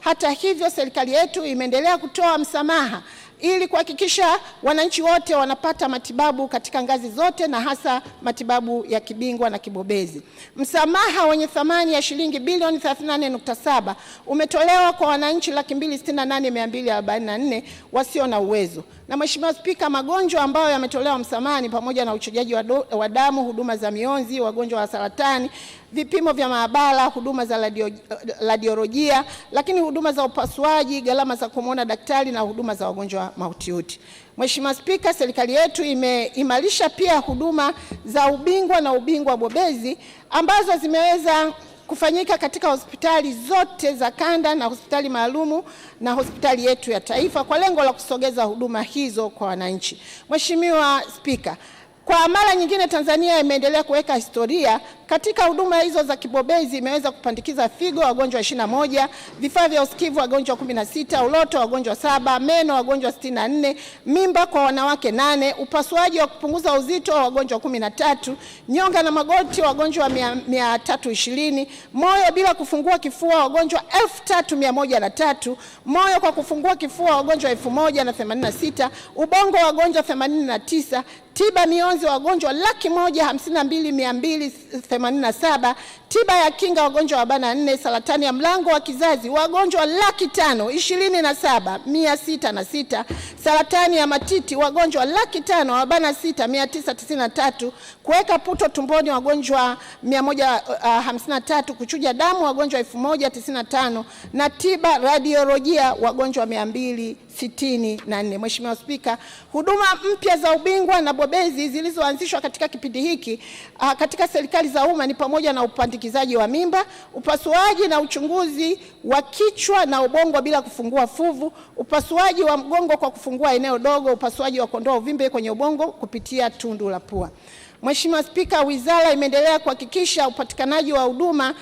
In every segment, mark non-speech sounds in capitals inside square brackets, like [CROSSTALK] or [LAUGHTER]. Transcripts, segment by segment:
Hata hivyo, serikali yetu imeendelea kutoa msamaha ili kuhakikisha wananchi wote wanapata matibabu katika ngazi zote na hasa matibabu ya kibingwa na kibobezi. Msamaha wenye thamani ya shilingi bilioni 38.7 umetolewa kwa wananchi laki mbili na wasio na uwezo. Na Mheshimiwa Spika, magonjwa ambayo yametolewa msamaha ni pamoja na uchujaji wa, wa damu, huduma za mionzi, wagonjwa wa saratani, vipimo vya maabara, huduma za radiolojia, lakini huduma za upasuaji, gharama za kumwona daktari na huduma za wagonjwa mkoa mahututi. Mheshimiwa Spika, serikali yetu imeimarisha pia huduma za ubingwa na ubingwa bobezi ambazo zimeweza kufanyika katika hospitali zote za kanda na hospitali maalumu na hospitali yetu ya taifa kwa lengo la kusogeza huduma hizo kwa wananchi. Mheshimiwa Spika, kwa mara nyingine, Tanzania imeendelea kuweka historia katika huduma hizo za kibobezi. Imeweza kupandikiza figo wagonjwa 21, vifaa vya usikivu wagonjwa 16, uloto wagonjwa saba, meno wagonjwa 64, mimba kwa wanawake nane, upasuaji wa kupunguza uzito wagonjwa 13, nyonga na magoti wagonjwa 320, moyo bila kufungua kifua wagonjwa 3103, moyo kwa kufungua kifua wagonjwa 1086, ubongo wagonjwa 89 tiba mionzi wagonjwa laki moja hamsini na mbili mia mbili themanini na saba tiba ya kinga wagonjwa arobaini na nne saratani ya mlango wa kizazi wagonjwa laki tano ishirini na saba mia sita na sita saratani ya matiti wagonjwa laki tano arobaini na sita mia tisa tisini na tatu kuweka puto tumboni wagonjwa mia moja uh, hamsini na tatu kuchuja damu wagonjwa elfu moja tisini na tano na tiba radiolojia wagonjwa mia mbili nne. Mheshimiwa Spika, huduma mpya za ubingwa na bobezi zilizoanzishwa katika kipindi hiki uh, katika serikali za umma ni pamoja na upandikizaji wa mimba, upasuaji na uchunguzi wa kichwa na ubongo bila kufungua fuvu, upasuaji wa mgongo kwa kufungua eneo dogo, upasuaji wa kuondoa uvimbe kwenye ubongo kupitia tundu la pua. Mheshimiwa Spika, wizara imeendelea kuhakikisha upatikanaji wa huduma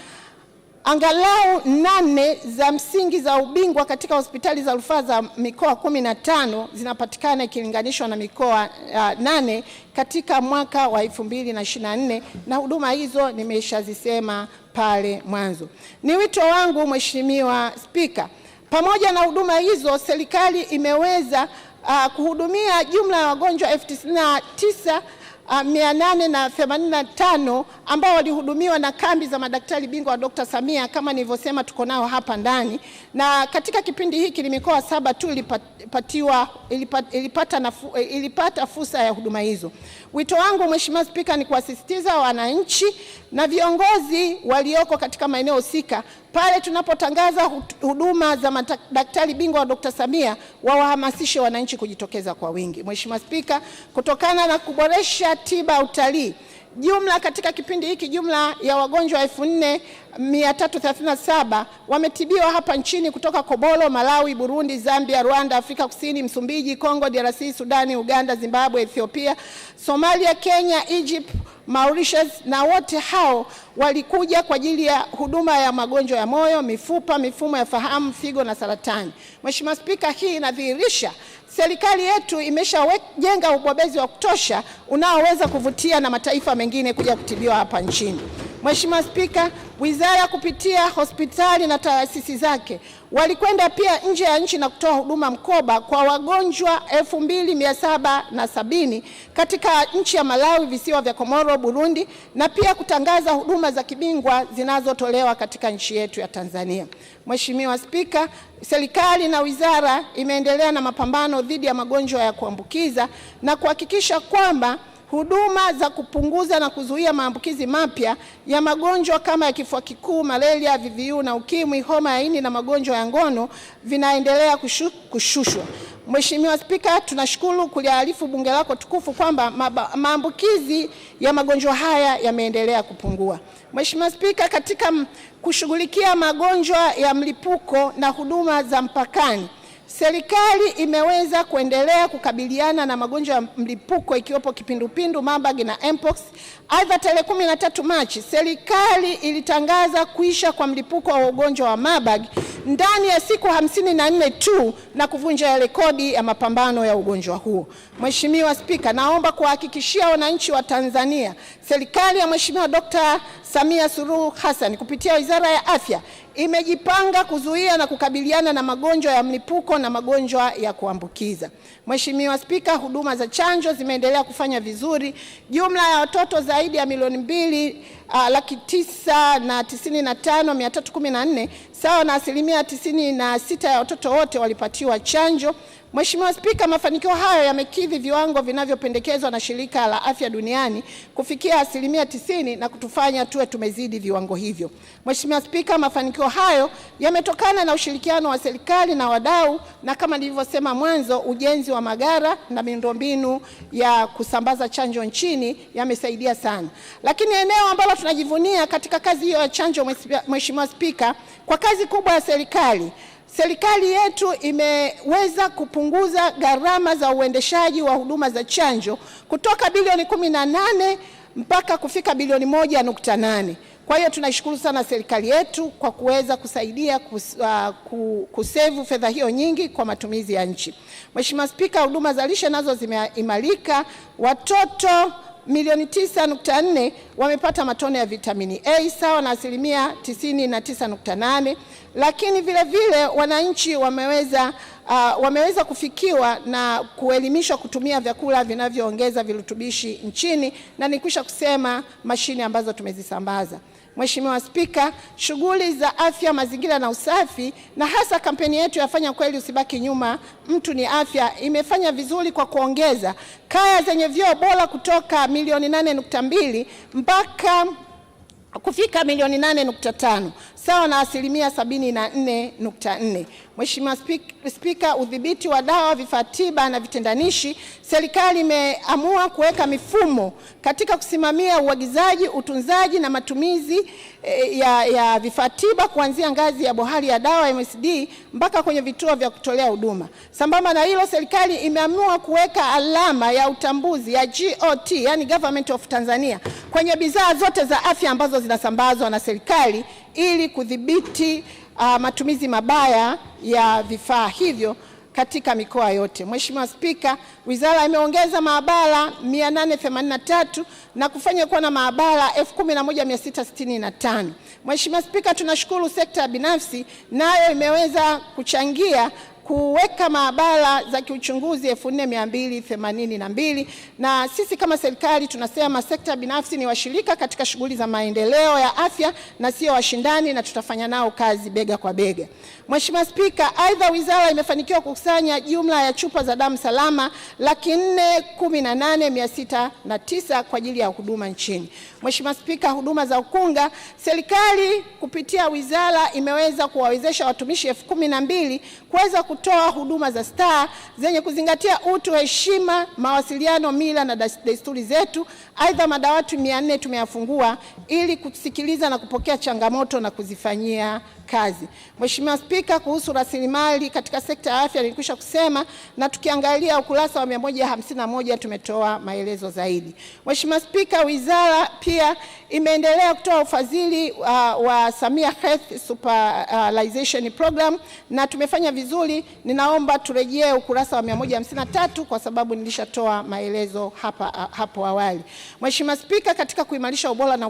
angalau nane za msingi za ubingwa katika hospitali za rufaa za mikoa kumi na tano zinapatikana ikilinganishwa na mikoa uh, nane katika mwaka wa 2024 na huduma hizo nimeshazisema pale mwanzo. Ni wito wangu Mheshimiwa Spika, pamoja na huduma hizo serikali imeweza uh, kuhudumia jumla ya wagonjwa elfu tisini na tisa 885 ah, ambao walihudumiwa na kambi za madaktari bingwa wa Dr. Samia kama nilivyosema, tuko nao hapa ndani, na katika kipindi hiki ni mikoa saba tu ilipatiwa, ilipata, nafu, ilipata fursa ya huduma hizo. Wito wangu Mheshimiwa Spika ni kuwasisitiza wananchi na viongozi walioko katika maeneo husika pale tunapotangaza huduma za madaktari bingwa wa Dkt. Samia wawahamasishe wananchi kujitokeza kwa wingi. Mheshimiwa Spika, kutokana na kuboresha tiba utalii Jumla katika kipindi hiki jumla ya wagonjwa 4337 wametibiwa hapa nchini kutoka Kobolo, Malawi, Burundi, Zambia, Rwanda, Afrika Kusini, Msumbiji, Kongo DRC, Sudani, Uganda, Zimbabwe, Ethiopia, Somalia, Kenya, Egypt, Mauritius na wote hao walikuja kwa ajili ya huduma ya magonjwa ya moyo, mifupa, mifumo ya fahamu, figo na saratani. Mheshimiwa Spika, hii inadhihirisha Serikali yetu imeshajenga ubobezi wa kutosha unaoweza kuvutia na mataifa mengine kuja kutibiwa hapa nchini. Mheshimiwa Spika, wizara kupitia hospitali na taasisi zake walikwenda pia nje ya nchi na kutoa huduma mkoba kwa wagonjwa sabini katika nchi ya Malawi, visiwa vya Komoro, Burundi na pia kutangaza huduma za kibingwa zinazotolewa katika nchi yetu ya Tanzania. Mheshimiwa Spika, serikali na wizara imeendelea na mapambano dhidi ya magonjwa ya kuambukiza na kuhakikisha kwamba huduma za kupunguza na kuzuia maambukizi mapya ya magonjwa kama ya kifua kikuu, malaria, VVU na ukimwi, homa ya ini na magonjwa ya ngono vinaendelea kushu, kushushwa. Mheshimiwa Spika, tunashukuru kuliarifu bunge lako tukufu kwamba maambukizi ya magonjwa haya yameendelea kupungua. Mheshimiwa Spika, katika kushughulikia magonjwa ya mlipuko na huduma za mpakani Serikali imeweza kuendelea kukabiliana na magonjwa ya mlipuko ikiwepo kipindupindu, Marburg na Mpox. Aidha, tarehe kumi na tatu Machi serikali ilitangaza kuisha kwa mlipuko wa ugonjwa wa Marburg ndani ya siku hamsini na nne tu na kuvunja rekodi ya mapambano ya ugonjwa huo. Mheshimiwa Spika, naomba kuwahakikishia wananchi wa Tanzania serikali ya Mheshimiwa Dr. Samia Suluhu Hassan kupitia Wizara ya Afya imejipanga kuzuia na kukabiliana na magonjwa ya mlipuko na magonjwa ya kuambukiza. Mheshimiwa Spika, huduma za chanjo zimeendelea kufanya vizuri. Jumla ya watoto zaidi ya milioni mbili uh, laki tisa na tisini na tano mia tatu kumi na nne sawa na asilimia tisini na sita ya watoto wote walipatiwa chanjo. Mheshimiwa Spika, mafanikio hayo yamekidhi viwango vinavyopendekezwa na Shirika la Afya Duniani kufikia asilimia tisini na kutufanya tuwe tumezidi viwango hivyo. Mheshimiwa Spika, mafanikio hayo yametokana na ushirikiano wa serikali na wadau na kama nilivyosema mwanzo, ujenzi wa magara na miundombinu ya kusambaza chanjo nchini yamesaidia sana, lakini eneo ambalo tunajivunia katika kazi hiyo ya chanjo, Mheshimiwa Spika, kwa kazi kubwa ya serikali Serikali yetu imeweza kupunguza gharama za uendeshaji wa huduma za chanjo kutoka bilioni kumi nane mpaka kufika bilioni moja nukta nane. Kwa hiyo tunashukuru sana serikali yetu kwa kuweza kusaidia uh, kusevu fedha hiyo nyingi kwa matumizi ya nchi. Mheshimiwa Spika, huduma za lishe nazo zimeimarika. Watoto milioni 9.4 wamepata matone ya vitamini A sawa na asilimia 99.8, lakini vilevile wananchi wameweza uh, wameweza kufikiwa na kuelimishwa kutumia vyakula vinavyoongeza virutubishi nchini, na nikwisha kusema mashine ambazo tumezisambaza. Mheshimiwa Spika, shughuli za afya, mazingira na usafi na hasa kampeni yetu yafanya kweli usibaki nyuma, mtu ni afya, imefanya vizuri kwa kuongeza kaya zenye vyoo bora kutoka milioni 8.2 mpaka kufika milioni nane nukta tano sawa na asilimia sabini na nne nukta nne. Mheshimiwa Spika, udhibiti wa dawa, vifaa tiba na vitendanishi, serikali imeamua kuweka mifumo katika kusimamia uagizaji, utunzaji na matumizi e, ya, ya vifaa tiba kuanzia ngazi ya bohari ya dawa MSD mpaka kwenye vituo vya kutolea huduma. Sambamba na hilo, serikali imeamua kuweka alama ya utambuzi ya GOT, yani Government of Tanzania kwenye bidhaa zote za afya ambazo zinasambazwa na serikali ili kudhibiti uh, matumizi mabaya ya vifaa hivyo katika mikoa yote. Mheshimiwa Spika, wizara imeongeza maabara 883 na kufanya kuwa na maabara 11665. Mheshimiwa Spika, tunashukuru sekta binafsi nayo imeweza kuchangia kuweka maabara za kiuchunguzi 4282 na sisi kama serikali tunasema sekta binafsi ni washirika katika shughuli za maendeleo ya afya na sio washindani, na tutafanya nao kazi bega kwa bega. Mheshimiwa Spika, aidha wizara imefanikiwa kukusanya jumla ya chupa za damu salama laki nne na tisa kwa ajili ya huduma nchini. Mheshimiwa Spika, huduma za ukunga, serikali kupitia wizara imeweza kuwawezesha watumishi 12000 kumi na kuweza kutoa huduma za staa zenye kuzingatia utu, heshima, mawasiliano, mila na desturi zetu. Aidha, madawati 400 tumeyafungua ili kusikiliza na kupokea changamoto na kuzifanyia kazi. Mheshimiwa Spika, kuhusu rasilimali katika sekta ya afya nilikwisha kusema, na tukiangalia ukurasa wa 151 tumetoa maelezo zaidi. Mheshimiwa Spika, wizara pia imeendelea kutoa ufadhili uh, wa Samia Health Superalization Program na tumefanya vizuri. Ninaomba turejee ukurasa wa 153 kwa sababu nilishatoa maelezo hapa, uh, hapo awali. Mheshimiwa Spika, katika kuimarisha ubora na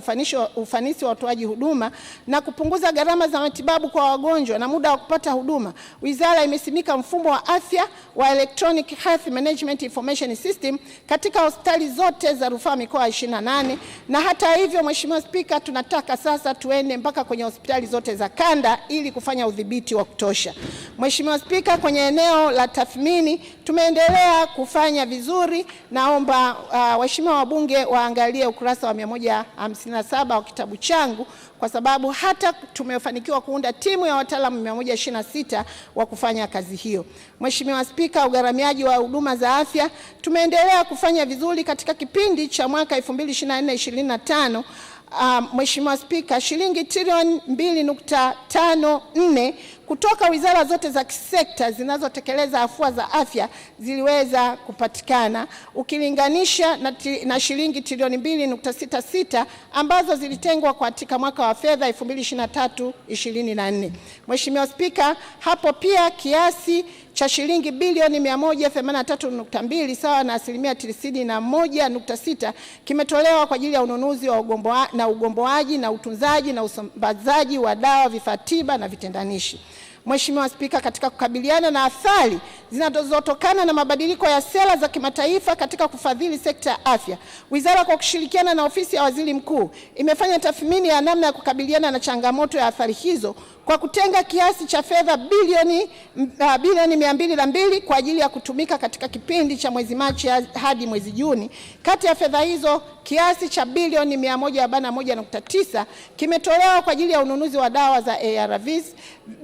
ufanisi wa utoaji huduma na kupunguza gharama za matibabu matibabu kwa wagonjwa na muda wa kupata huduma, wizara imesimika mfumo wa afya wa electronic health management information system katika hospitali zote za rufaa mikoa 28. Na hata hivyo, Mheshimiwa Spika, tunataka sasa tuende mpaka kwenye hospitali zote za kanda ili kufanya udhibiti wa kutosha. Mheshimiwa Spika, kwenye eneo la tathmini Tumeendelea kufanya vizuri. Naomba uh, waheshimiwa wabunge waangalie ukurasa wa 157 wa kitabu changu, kwa sababu hata tumefanikiwa kuunda timu ya wataalamu 126 wa kufanya kazi hiyo. Mheshimiwa Spika, ugharamiaji wa huduma za afya tumeendelea kufanya vizuri katika kipindi cha mwaka 2024 25 uh, Mheshimiwa Spika, shilingi trilioni 2.54 kutoka wizara zote za kisekta zinazotekeleza afua za afya ziliweza kupatikana ukilinganisha na, na shilingi trilioni 2.66 ambazo zilitengwa katika mwaka wa fedha 2023 2024. Mheshimiwa Spika, hapo pia kiasi cha shilingi bilioni 183.2 sawa na asilimia 91.6 kimetolewa kwa ajili ya ununuzi wa ugombo na ugomboaji na utunzaji na usambazaji wa dawa, vifaa tiba na vitendanishi. Mheshimiwa Spika, katika kukabiliana na athari zinazotokana na mabadiliko ya sera za kimataifa katika kufadhili sekta ya afya, wizara kwa kushirikiana na ofisi ya waziri mkuu imefanya tathmini ya namna ya kukabiliana na changamoto ya athari hizo kwa kutenga kiasi cha fedha bilioni uh, bilioni mia mbili na mbili kwa ajili ya kutumika katika kipindi cha mwezi Machi hadi mwezi Juni. Kati ya fedha hizo Kiasi cha bilioni 141.9 kimetolewa kwa ajili ya ununuzi wa dawa za ARVs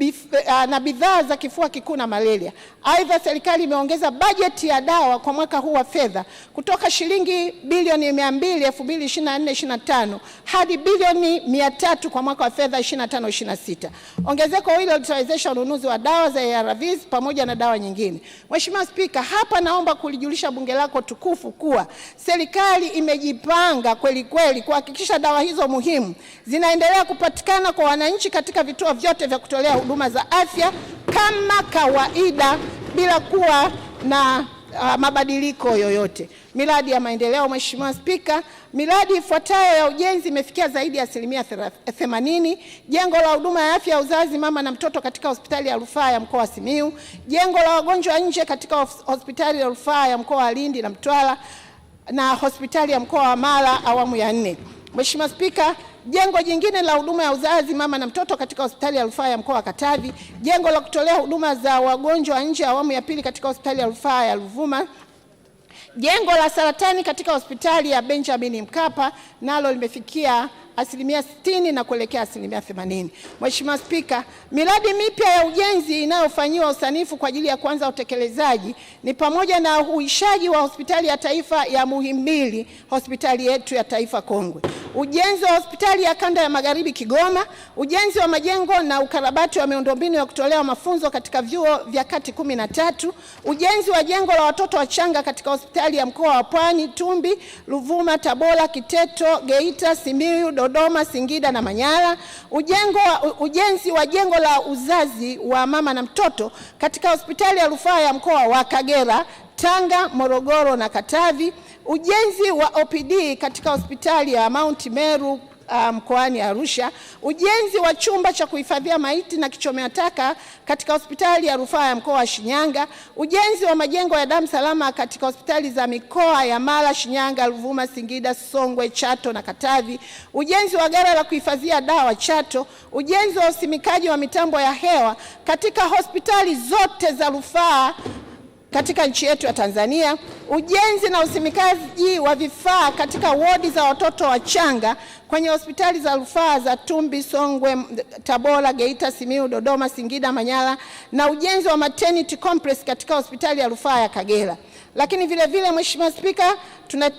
eh, na bidhaa za kifua kikuu na malaria Aidha, serikali imeongeza bajeti ya dawa kwa mwaka huu wa fedha kutoka shilingi bilioni 200 2024/25 hadi bilioni 300 kwa mwaka wa fedha 25/26. Ongezeko hilo litawezesha ununuzi wa dawa za ARVs pamoja na dawa nyingine. Mheshimiwa Spika, hapa naomba kulijulisha bunge lako tukufu kuwa serikali imejipanga kweli kweli kuhakikisha dawa hizo muhimu zinaendelea kupatikana kwa wananchi katika vituo vyote vya kutolea huduma za afya kama kawaida bila kuwa na uh, mabadiliko yoyote. Miradi ya maendeleo, Mheshimiwa Spika, miradi ifuatayo ya ujenzi imefikia zaidi ya asilimia 80: jengo la huduma ya afya ya uzazi mama na mtoto katika hospitali ya rufaa ya mkoa wa Simiyu, jengo la wagonjwa nje katika hospitali ya rufaa ya mkoa wa Lindi na Mtwara na hospitali ya mkoa wa Mara awamu ya nne. Mheshimiwa Spika, jengo jingine la huduma ya uzazi mama na mtoto katika hospitali ya rufaa ya mkoa wa Katavi, jengo la kutolea huduma za wagonjwa nje awamu ya pili katika hospitali ya rufaa ya Ruvuma, jengo la saratani katika hospitali ya Benjamin Mkapa nalo limefikia asilimia sitini na kuelekea asilimia themanini. Mheshimiwa Spika, miradi mipya ya ujenzi inayofanyiwa usanifu kwa ajili ya kuanza utekelezaji ni pamoja na uhuishaji wa hospitali ya taifa ya Muhimbili, hospitali yetu ya taifa kongwe, ujenzi wa hospitali ya kanda ya magharibi Kigoma, ujenzi wa majengo na ukarabati wa miundombinu ya kutolewa mafunzo katika vyuo vya kati kumi na tatu, ujenzi wa jengo la watoto wachanga katika hospitali ya mkoa wa Pwani, Tumbi, Ruvuma, Tabora, Kiteto, Geita, Simiyu Dodoma, Singida na Manyara, ujengo, ujenzi wa jengo la uzazi wa mama na mtoto katika hospitali ya rufaa ya mkoa wa Kagera, Tanga, Morogoro na Katavi, ujenzi wa OPD katika hospitali ya Mount Meru Uh, mkoani Arusha, ujenzi wa chumba cha kuhifadhia maiti na kichomea taka katika hospitali ya rufaa ya mkoa wa Shinyanga, ujenzi wa majengo ya damu salama katika hospitali za mikoa ya Mara, Shinyanga, Ruvuma, Singida, Songwe, Chato na Katavi, ujenzi wa ghala la kuhifadhia dawa Chato, ujenzi wa usimikaji wa mitambo ya hewa katika hospitali zote za rufaa katika nchi yetu ya Tanzania, ujenzi na usimikaji wa vifaa katika wodi za watoto wachanga kwenye hospitali za rufaa za Tumbi, Songwe, Tabora, Geita, simiu Dodoma, Singida, Manyara na ujenzi wa maternity complex katika hospitali ya rufaa ya Kagera. Lakini vile vile, Mheshimiwa Spika,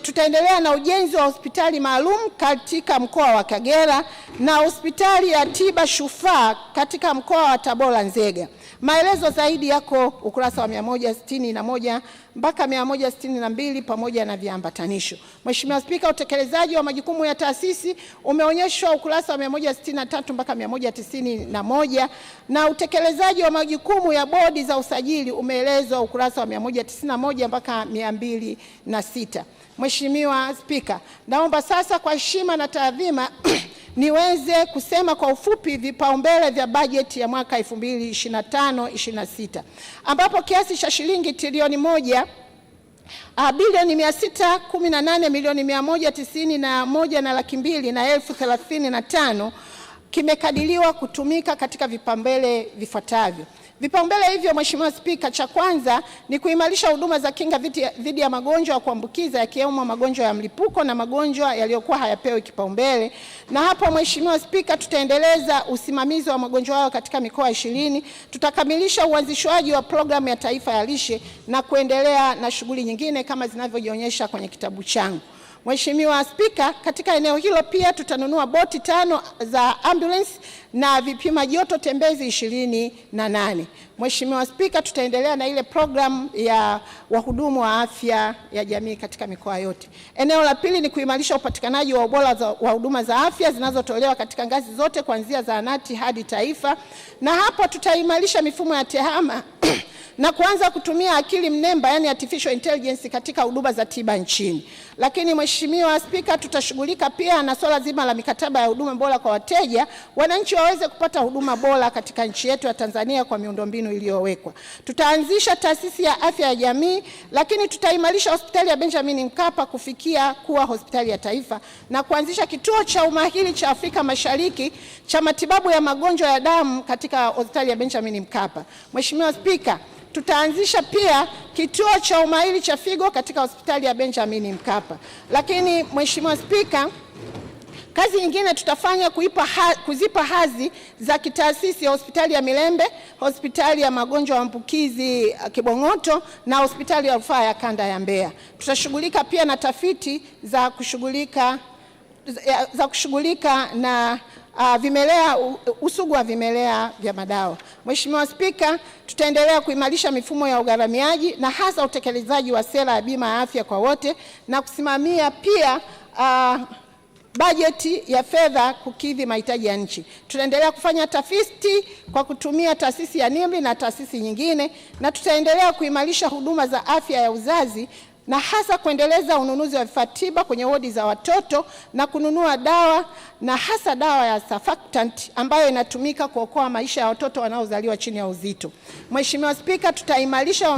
tutaendelea na ujenzi wa hospitali maalum katika mkoa wa Kagera na hospitali ya tiba shufaa katika mkoa wa Tabora Nzega. Maelezo zaidi yako ukurasa wa 161 mpaka 162 pamoja na viambatanisho. Mheshimiwa Spika, utekelezaji wa majukumu ya taasisi umeonyeshwa ukurasa wa 163 mpaka 191 na, na utekelezaji wa majukumu ya bodi za usajili umeelezwa ukurasa wa 191 mpaka 206. Mheshimiwa Spika, naomba sasa kwa heshima na taadhima [CLEARS THROAT] niweze kusema kwa ufupi vipaumbele vya bajeti ya mwaka 2025 26 ambapo kiasi cha shilingi trilioni moja ah, bilioni mia sita kumi na nane milioni mia moja tisini na moja na laki mbili na elfu thelathini na tano kimekadiriwa kutumika katika vipaumbele vifuatavyo. Vipaumbele hivyo, Mheshimiwa Spika, cha kwanza ni kuimarisha huduma za kinga dhidi ya magonjwa ya kuambukiza yakiwemo magonjwa ya mlipuko na magonjwa yaliyokuwa hayapewi kipaumbele. Na hapo Mheshimiwa Spika, tutaendeleza usimamizi wa magonjwa hayo katika mikoa ishirini, tutakamilisha uanzishwaji wa programu ya taifa ya lishe na kuendelea na shughuli nyingine kama zinavyojionyesha kwenye kitabu changu. Mheshimiwa Spika, katika eneo hilo pia tutanunua boti tano za ambulance na vipima joto tembezi ishirini na nane. Mheshimiwa Spika, tutaendelea na ile programu ya wahudumu wa afya ya jamii katika mikoa yote. Eneo la pili ni kuimarisha upatikanaji wa ubora wa huduma za afya zinazotolewa katika ngazi zote kuanzia zahanati hadi taifa, na hapo tutaimarisha mifumo ya tehama na kuanza kutumia akili mnemba, yani artificial intelligence katika huduma za tiba nchini. Lakini Mheshimiwa Spika, tutashughulika pia na swala zima la mikataba ya huduma bora kwa wateja, wananchi waweze kupata huduma bora katika nchi yetu ya Tanzania kwa miundombinu iliyowekwa. Tutaanzisha taasisi ya afya ya jamii, lakini tutaimarisha hospitali ya Benjamin Mkapa kufikia kuwa hospitali ya taifa na kuanzisha kituo cha umahiri cha Afrika Mashariki cha matibabu ya magonjwa ya damu katika hospitali ya Benjamin Mkapa. Mheshimiwa Spika, Tutaanzisha pia kituo cha umahiri cha figo katika hospitali ya Benjamin Mkapa. Lakini Mheshimiwa Spika, kazi nyingine tutafanya kuipa ha, kuzipa hadhi za kitaasisi ya hospitali ya Milembe, hospitali ya magonjwa ya ambukizi uh, Kibong'oto na hospitali ya rufaa ya kanda ya Mbeya. Tutashughulika pia na tafiti za kushughulika za kushughulika na uh, vimelea usugu wa vimelea vya madawa. Mheshimiwa Spika, tutaendelea kuimarisha mifumo ya ugharamiaji na hasa utekelezaji wa sera ya bima ya afya kwa wote na kusimamia pia uh, bajeti ya fedha kukidhi mahitaji ya nchi. Tunaendelea kufanya tafiti kwa kutumia taasisi ya NIMR na taasisi nyingine, na tutaendelea kuimarisha huduma za afya ya uzazi na hasa kuendeleza ununuzi wa vifaa tiba kwenye wodi za watoto na kununua dawa na hasa dawa ya surfactant ambayo inatumika kuokoa maisha ya watoto wanaozaliwa chini ya uzito. Mheshimiwa Spika, tutaimarisha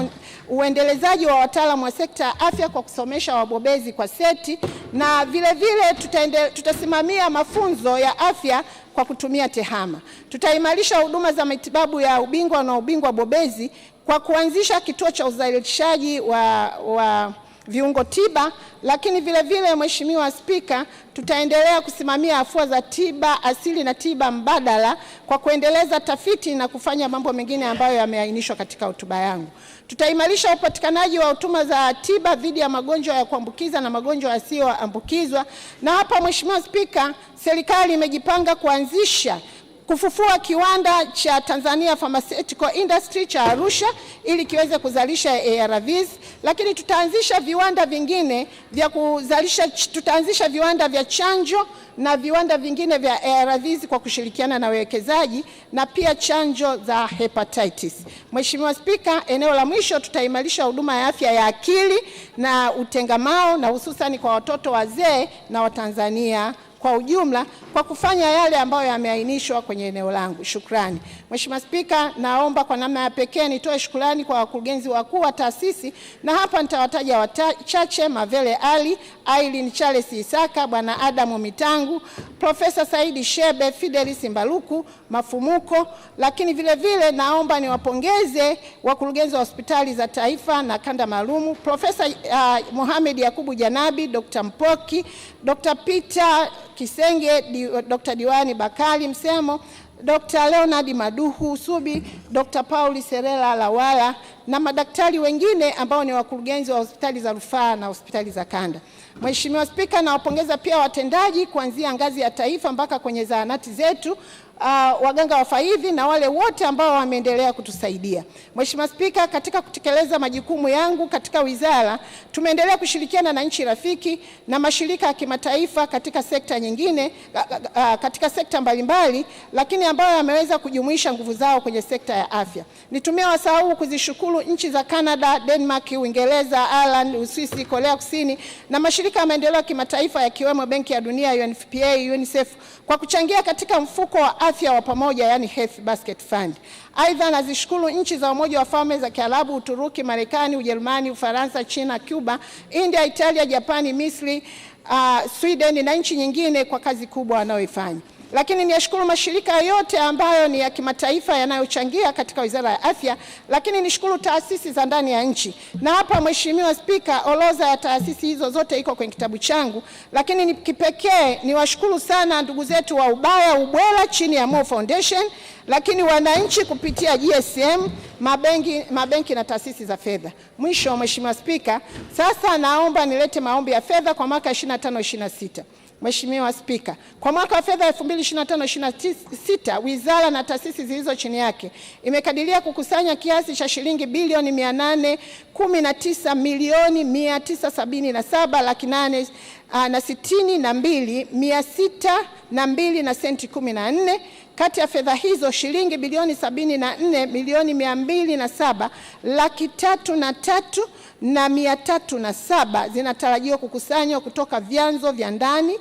uendelezaji wa wataalamu wa sekta ya afya kwa kusomesha wabobezi kwa seti na vilevile vile tutasimamia mafunzo ya afya kwa kutumia TEHAMA. Tutaimarisha huduma za matibabu ya ubingwa na ubingwa bobezi kwa kuanzisha kituo cha uzalishaji wa, wa viungo tiba, lakini vile vile Mheshimiwa Spika, tutaendelea kusimamia afua za tiba asili na tiba mbadala kwa kuendeleza tafiti na kufanya mambo mengine ambayo yameainishwa katika hotuba yangu. Tutaimarisha upatikanaji wa huduma za tiba dhidi ya magonjwa ya kuambukiza na magonjwa yasiyoambukizwa. Na hapa Mheshimiwa Spika, serikali imejipanga kuanzisha kufufua kiwanda cha Tanzania Pharmaceutical Industry cha Arusha ili kiweze kuzalisha ARVs, lakini tutaanzisha viwanda vingine vya kuzalisha, tutaanzisha viwanda vya chanjo na viwanda vingine vya ARVs kwa kushirikiana na wawekezaji na pia chanjo za hepatitis. Mheshimiwa Spika, eneo la mwisho tutaimarisha huduma ya afya ya akili na utengamao na hususani kwa watoto, wazee na Watanzania kwa ujumla kwa kufanya yale ambayo yameainishwa kwenye eneo langu. Shukrani. Mheshimiwa Spika, naomba kwa namna ya pekee nitoe shukrani kwa wakurugenzi wakuu wa taasisi na hapa nitawataja wachache: Mavele Ali, Aileen Charles Isaka, Bwana Adamu Mitangu, Profesa Saidi Shebe, Fidelis mbaruku Mafumuko, lakini vile vile naomba niwapongeze wakurugenzi wa hospitali za taifa na kanda maalumu, Profesa uh, Mohamed Yakubu Janabi, Dr. Mpoki, Dr. Peter Kisenge, di, Dr. Diwani bakali Msemo, Dr. Leonard Maduhu Subi, Dr. Pauli Serela Lawala na madaktari wengine ambao ni wakurugenzi wa hospitali za rufaa na hospitali za kanda. Mheshimiwa Spika, nawapongeza pia watendaji kuanzia ngazi ya taifa mpaka kwenye zahanati zetu uh, waganga wa faidhi na wale wote ambao wameendelea kutusaidia. Mheshimiwa Spika, katika kutekeleza majukumu yangu katika wizara, tumeendelea kushirikiana na nchi rafiki na mashirika ya kimataifa katika sekta nyingine, uh, uh, katika sekta mbalimbali, mbali, lakini ambayo yameweza kujumuisha nguvu zao kwenye sekta ya afya. Nitumia wasaa huu kuzishukuru nchi za Canada, Denmark, Uingereza, Ireland, Uswisi, Korea Kusini na mashirika ya maendeleo ya kimataifa yakiwemo Benki ya Dunia, UNFPA, UNICEF kwa kuchangia katika mfuko wa afya wa pamoja, yani Health Basket Fund. Aidha, nazishukuru nchi za Umoja wa Falme za Kiarabu, Uturuki, Marekani, Ujerumani, Ufaransa, China, Cuba, India, Italia, Japani, Misri, uh, Sweden na nchi nyingine kwa kazi kubwa wanayoifanya. Lakini niyashukuru mashirika yote ambayo ni ya kimataifa yanayochangia katika Wizara ya Afya, lakini nishukuru taasisi za ndani ya nchi, na hapa Mheshimiwa Spika, orodha ya taasisi hizo zote iko kwenye kitabu changu, lakini ni kipekee niwashukuru sana ndugu zetu wa Ubaya Ubwela chini ya Mo Foundation, lakini wananchi kupitia GSM, mabenki, mabenki na taasisi za fedha. Mwisho Mheshimiwa Spika, sasa naomba nilete maombi ya fedha kwa mwaka 25 26. Mheshimiwa Spika, kwa mwaka wa fedha 2025 2026 wizara na taasisi zilizo chini yake imekadiria kukusanya kiasi cha shilingi bilioni 819 milioni 977 laki nane ah, na sitini na mbili mia sita na mbili na senti kumi na nne. Kati ya fedha hizo shilingi bilioni 74 milioni 207 laki tatu na tatu na mia tatu na saba zinatarajiwa kukusanywa kutoka vyanzo vya ndani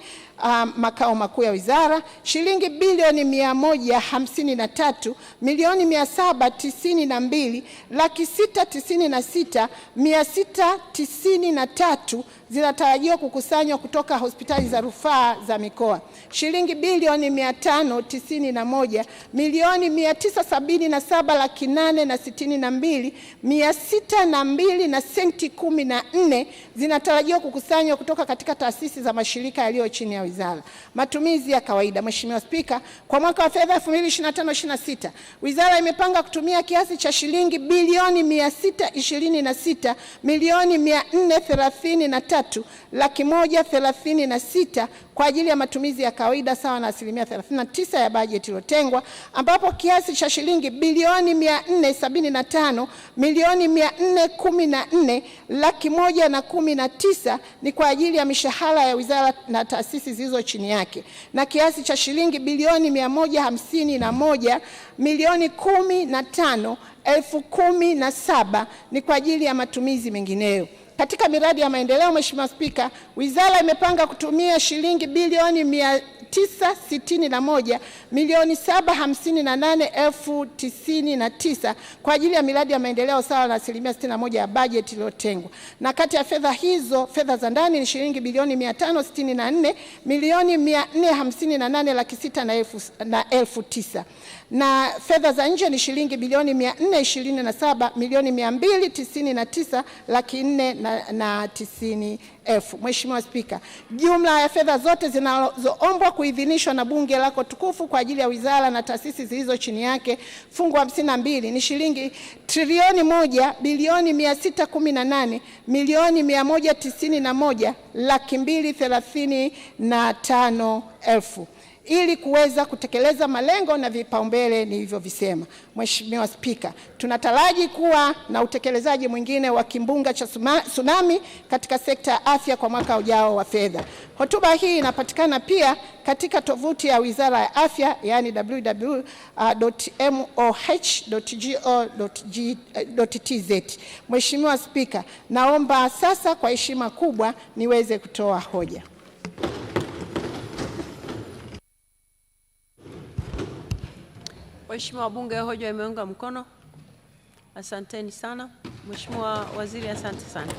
uh, makao makuu ya wizara. Shilingi bilioni mia moja hamsini na tatu milioni mia saba tisini na mbili laki sita tisini na sita mia sita tisini na tatu zinatarajiwa kukusanywa kutoka hospitali za rufaa za mikoa shilingi bilioni 591 milioni 977 laki nane na sitini na mbili na senti kumi na nne zinatarajiwa kukusanywa kutoka katika taasisi za mashirika yaliyo chini ya wizara. Matumizi ya kawaida. Mheshimiwa Spika, kwa mwaka wa fedha 2025/26 wizara imepanga kutumia kiasi cha shilingi bilioni 626 milioni tatu laki moja thelathini na sita kwa ajili ya matumizi ya kawaida sawa na asilimia 39 ya bajeti iliyotengwa, ambapo kiasi cha shilingi bilioni 475 milioni 414 laki moja na kumi na tisa ni kwa ajili ya mishahara ya wizara na taasisi zilizo chini yake na kiasi cha shilingi bilioni 151 milioni kumi na tano elfu kumi na saba ni kwa ajili ya matumizi mengineyo. Katika miradi ya maendeleo, Mheshimiwa Spika, wizara imepanga kutumia shilingi bilioni 961 milioni 758 elfu tisini na tisa kwa ajili ya miradi ya maendeleo sawa na asilimia 61 ya bajeti iliyotengwa, na kati ya fedha hizo fedha za ndani ni shilingi bilioni 564 milioni 458 laki sita na elfu, na elfu tisa na fedha za nje ni shilingi bilioni 427 milioni 299 laki nne na, na tisini elfu. Mheshimiwa Spika, jumla ya fedha zote zinazoombwa kuidhinishwa na bunge lako tukufu kwa ajili ya wizara na taasisi zilizo chini yake fungu hamsini na mbili ni shilingi trilioni moja bilioni mia sita kumi na nane milioni mia moja tisini na moja laki mbili thelathini na tano elfu ili kuweza kutekeleza malengo na vipaumbele nilivyovisema. Mheshimiwa Spika, tunataraji kuwa na utekelezaji mwingine wa kimbunga cha tsunami katika sekta ya afya kwa mwaka ujao wa fedha. Hotuba hii inapatikana pia katika tovuti ya Wizara ya Afya, yaani www.moh.go.tz. Eh, Mheshimiwa Spika, naomba sasa kwa heshima kubwa niweze kutoa hoja. Waheshimiwa wabunge, hoja imeunga mkono. Asanteni sana. Mheshimiwa Waziri, asante sana.